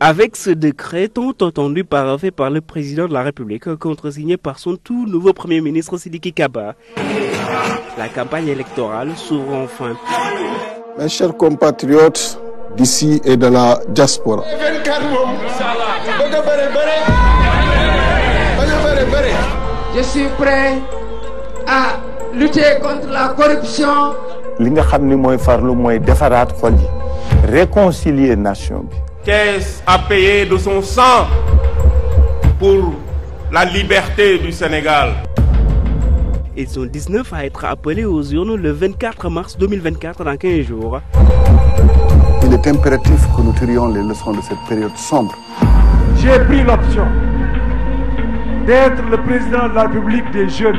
Avec ce décret tant entendu paraffé par le président de la République, contresigné par son tout nouveau Premier ministre Sidiki Kaba, la campagne électorale s'ouvre enfin. Mes chers compatriotes d'ici et de la diaspora, je suis prêt à lutter contre la corruption. li nga xam ni mooy farlu mooy defaraat xol yi réconcilier nation bi. Thiès de son sang la liberté du Sénégal. Ils sont 19 à être appelés aux urnes le 24 mars 2024 dans 15 jours. Il est impératif que nous tirions les leçons de cette période sombre. J'ai la République des jeunes.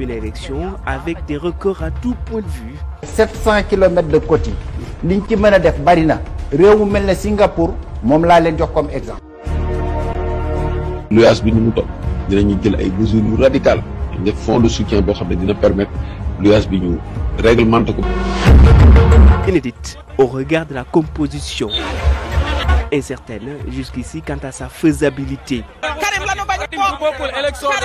bi l'élection avec des records à tout point de vue. 700 kilomètres de côte yi liñ ci mën a def bari na réew mu mel ne Singapour moom laa leen jox comme exemple. luyaas bi ni mu toll dinañu jël ay mesures yu radicales def fonds de soutien boo xam ne dina permettre luyaas bi ñu réglementé ko. inédite au regard de la composition incertaine jusqu'ici quant à sa faisabilité. tant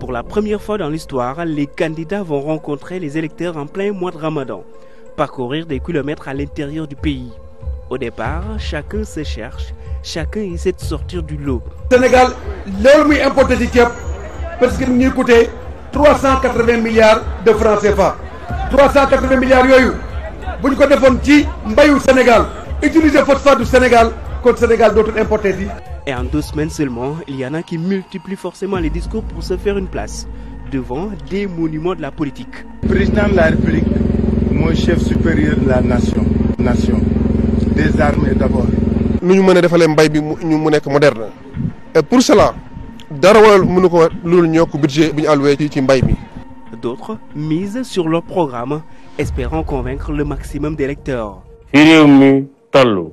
Pour la première fois dans l'histoire, les candidats vont rencontrer les électeurs en plein mois de Ramadan, parcourir des kilomètres à l'intérieur du pays. Au départ, chacun se cherche, chacun essaie sortir du lot. Sénégal, loolu muy importé ci parce que ñuy coûté 380 milliards de francs CFA 380 milliards yooyu bu ñu ko defoon ci mbayu Sénégal utiliser phosphate du Sénégal kon Sénégal dootul importer yi Et en deux semaines seulement, il y en a qui multiplient forcément les discours pour se faire une place devant des monuments de la politique. Le président de la République, mooy chef supérieur de la nation. nation des armées d'abord. nu ñu mën a defalee mbay bi mu ñu mu nekk moderne. Et pour cela. dara waral mënu ko loolu ñoo ko budget bu ñu alloué ci mbay mi. d'autres misent sur leur programme espérant convaincre le maximum d'électeurs. fi réew mi toll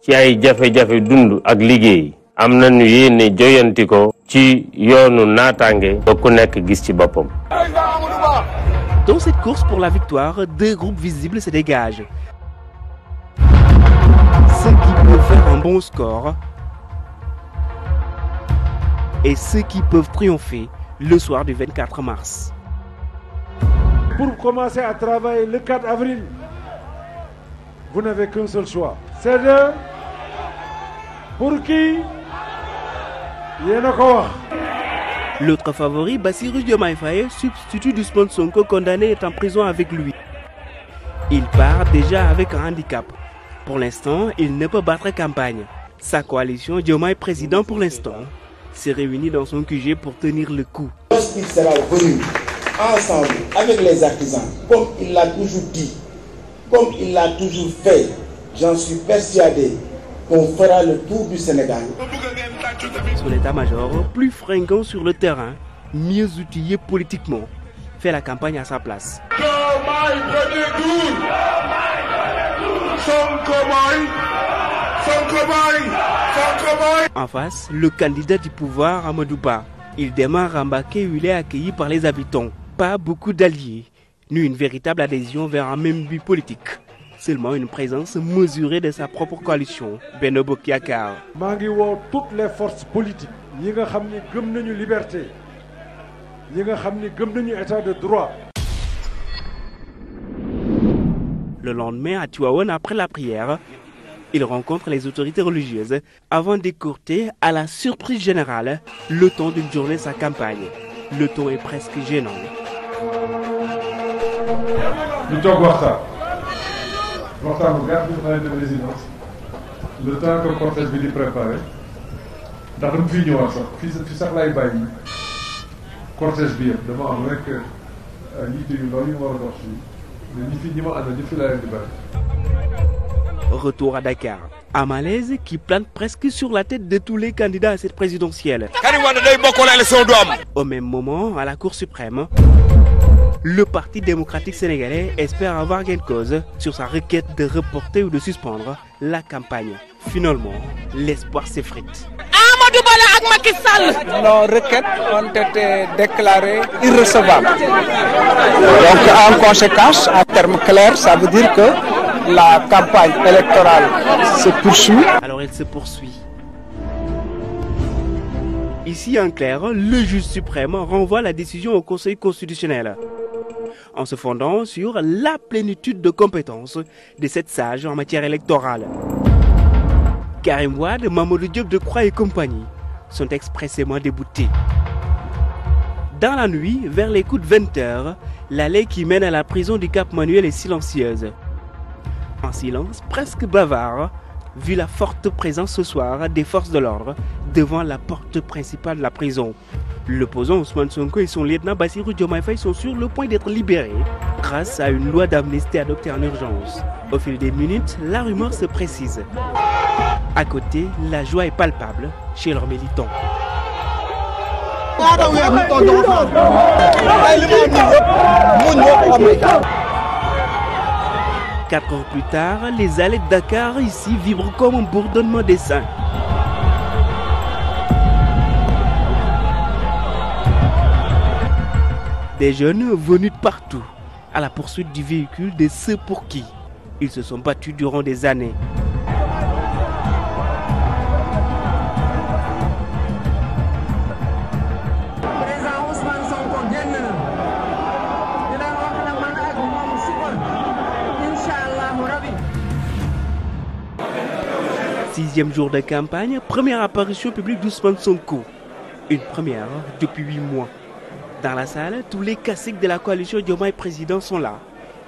ci ay jafe-jafe dund ak liggéey am nañu yéene joyanti ko ci yoonu naataange ba ku nekk gis ci boppam. Dans cette course pour la victoire, deux groupes visibles se dégagent. et ceux qui peuvent triompher le soir du 24 mars. Pour commencer à travailler le 4 avril, vous n'avez qu'un seul choix. C'est de... Pour qui L'autre favori, Bassirou Diomaye Faye, substitut du sponsor Sonko condamné est en prison avec lui. Il part déjà avec un handicap. Pour l'instant, il ne peut battre campagne. Sa coalition Diomaye président pour l'instant s'est réuni dans son QG pour tenir le coup. Lorsqu'il sera venu ensemble avec les artisans, comme il l'a toujours dit, comme il l'a toujours fait, j'en suis persuadé qu'on fera le tour du Sénégal. Son état-major, plus fringant sur le terrain, mieux outillé politiquement, fait la campagne à sa place. En face, le candidat du pouvoir, Amadouba. Il démarre à Mbaké il est accueilli par les habitants. Pas beaucoup d'alliés, ni une véritable adhésion vers un même but politique. Seulement une présence mesurée de sa propre coalition, Benobo Kyakar. toutes les forces politiques, liberté, état de droit, le lendemain à Tuaon après la prière, Il rencontre les autorités religieuses avant d'écourter, à la surprise générale, le temps d'une journée sa campagne. Le ton est presque gênant. ñu toog waxtaan waxtaan bu gàtt bu xale de résidence le temps que cortège bi di préparé ndax dama fii ñëwaat sax fii fi sax laay bàyyi cortège bi yëpp dama am rek euh, yitte yu loolu yu war a dox fii mais ñi fi ñi ma àndal ñi fi laa leen di Retour à Dakar. Un malaise qui plane presque sur la tête de tous les candidats à cette présidentielle. Au même moment, à la Cour suprême, le Parti démocratique sénégalais espère avoir gain cause sur sa requête de reporter ou de suspendre la campagne. Finalement, l'espoir s'effrite. Nos requêtes déclarées irrecevables. en conséquence, en termes clairs, ça veut dire que la campagne électorale se poursuit. Alors elle se poursuit. Ici, en clair, le juge suprême renvoie la décision au Conseil constitutionnel en se fondant sur la plénitude de compétences des sept sages en matière électorale. Karim Wade, Mamadou Diop de Croix et compagnie sont expressément déboutés. Dans la nuit, vers les coups de 20h, l'allée qui mène à la prison du Cap Manuel est silencieuse. en silence presque bavard, vu la forte présence ce soir des forces de l'ordre devant la porte principale de la prison. L'opposant Ousmane Sonko et son lieutenant Bassirou Diomaye sont sur le point d'être libérés grâce à une loi d'amnistie adoptée en urgence. Au fil des minutes, la rumeur se précise. À côté, la joie est palpable chez leurs militants. Quatre heures plus tard, les allées de Dakar ici vibrent comme un bourdonnement des seins. Des jeunes venus partout, à la poursuite du véhicule de ceux pour qui ils se sont battus durant des années. Sixième jour de campagne, première apparition publique d'Ousmane Sonko. Une première depuis huit mois. Dans la salle, tous les caciques de la coalition Diomaye Président sont là.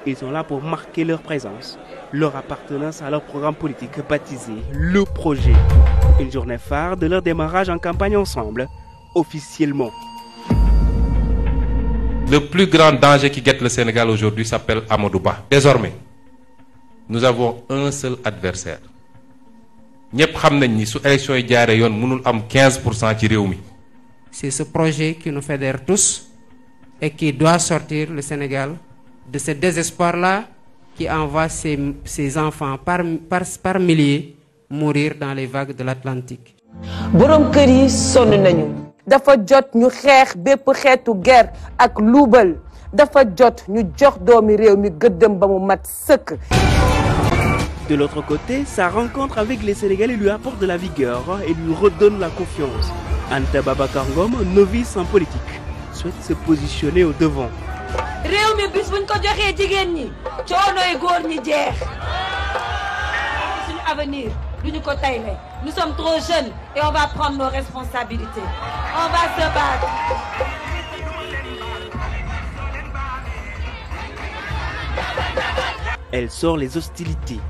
Ils sont là pour marquer leur présence, leur appartenance à leur programme politique baptisé Le Projet. Une journée phare de leur démarrage en campagne ensemble, officiellement. Le plus grand danger qui guette le Sénégal aujourd'hui s'appelle Amadouba. Désormais, nous ñëpp xam nañ ni su élection yi jaaree yoon mënul am 15 pour cent ci réew mi. c'est ce projet qui nous fédère tous et qui doit sortir le Sénégal de ce désespoir-là qui envoie ses ses enfants par par par milliers mourir dans les vagues de l'Atlantique. borom kër yi sonn nañu. dafa jot ñu xeex bépp xeetu guerre ak luubal dafa jot ñu jox doomi réew mi gëddëm ba mu mat sëkk. De l'autre côté, sa rencontre avec les Sénégalais lui apporte la vigueur et lui redonne la confiance. Anta Babacar novice en politique, souhaite se positionner au devant. réew mi bis buñ ko joxee jigéen ñi coonoy góor ñi jeex. avenir duñu ko tayle nous sommes trop jeunes et on va prendre nos responsabilités on va se battre. Elle sort les hostilités.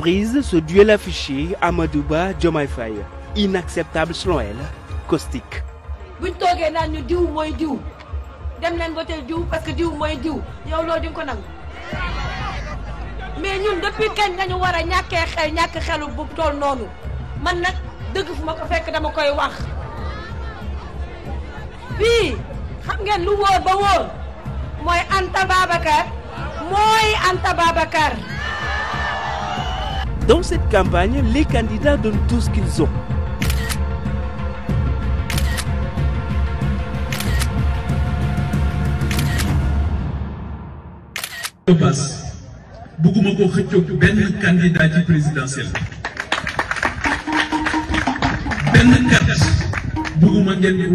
surprise, ce duel affiché, Amadouba Diomaye Faye. Inacceptable selon elle, caustique. buñ toogee naan ñu diw mooy diw dem leen voter diw parce que diw mooy diw yow loolu di ko nangu mais ñun depuis kañ nga ñu ñàkkee xel ñàkk xelu bu tool noonu man nag dëgg fu ma ko fekk dama koy wax. fii xam ngeen lu wóor ba wóor mooy Anta Babacar mooy Anta Babacar. Dans cette campagne, les candidats donnent tout ce ko xëccoog benn candidat ci présidentiel benn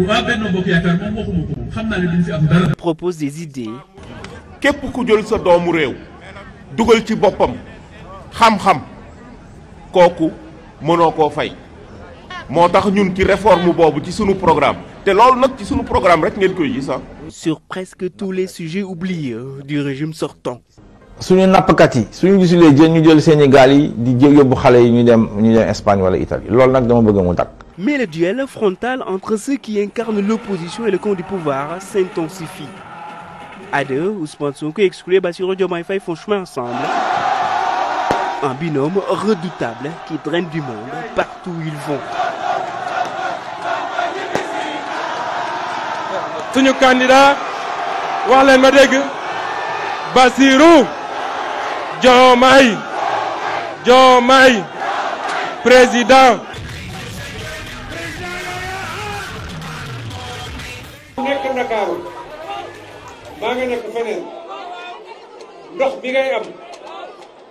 waa benn bokk yaakaar moom waxuma ko xam naa ne duñ fi am dara. propose des idées. képp ku jël sa doomu réew dugal ci boppam xam-xam. kooku mënoo koo fay moo tax ñun ci réforme boobu ci sunu programme te loolu nag ci sunu programme rek ngeen koy gis ah. sur presque tous les sujets oubliés euh, du régime sortant. suñu nappkat yi suñu gisulee jën ñu jël seeni gaal yi di jël yóbbu xale yi ñu dem ñu dem Espagne wala Italie loolu nag dama bëgg mu dakk mais le duel frontal entre ceux qui incarnent l'opposition et le camp du pouvoir s'intensifie. À deux, Ousmane Sonko exclut Bassirou Diomaye Faye font chemin ensemble. un binôme redoutable qui draine du monde partout où ils vont. wax leen ma dégg Bassirou Diomaye Diomaye président. nekk Ndakaaru maa ngi nekk feneen ndox bi ngay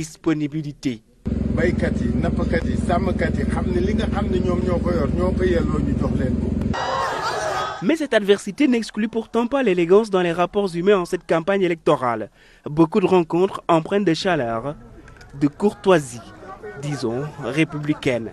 disponibilité. baykat yi nappkat yi sàmmkat yi xam ne li nga xam ne ñoom ñoo ko ñoo ko yelloo ñu jox leen ko. Mais cette adversité n'exclut pourtant pas l'élégance dans les rapports humains en cette campagne électorale. Beaucoup de rencontres empreintes de chaleur, de courtoisie, disons républicaine.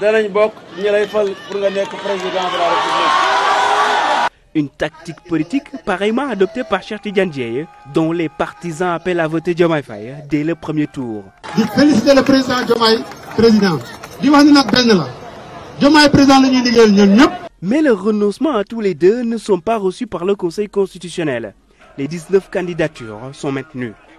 danañ bokk ñi pour nga nekk président de la République. Une tactique politique pareillement adoptée par Cheikh Tidiane Dièye, dont les partisans appellent à voter Diomaye Faye dès le premier tour. di féliciter le président Diomaye président di wax ni nag benn la Diomaye président la ñuy liggéeyal ñoom ñëpp. Mais le renoncement à tous les deux ne sont pas reçus par le Conseil constitutionnel. Les 19 candidatures sont maintenues.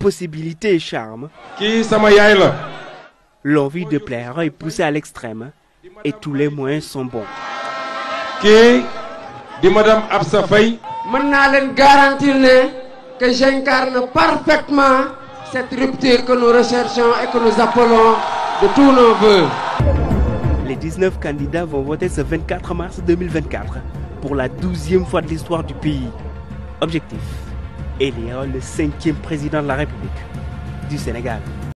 possibilité et charme. kii sama yaay la. L'envie de plaire est poussée à l'extrême et tous les moyens sont bons. kii di madame Absa Faye. mën naa leen garantir ne que j'incarne parfaitement cette rupture que nous recherchons et que nous appelons de tous nos voeux. Les 19 candidats vont voter ce 24 mars 2024 pour la douzième fois de l'histoire du pays. Objectif. éliant le cinquième président de la République du Sénégal.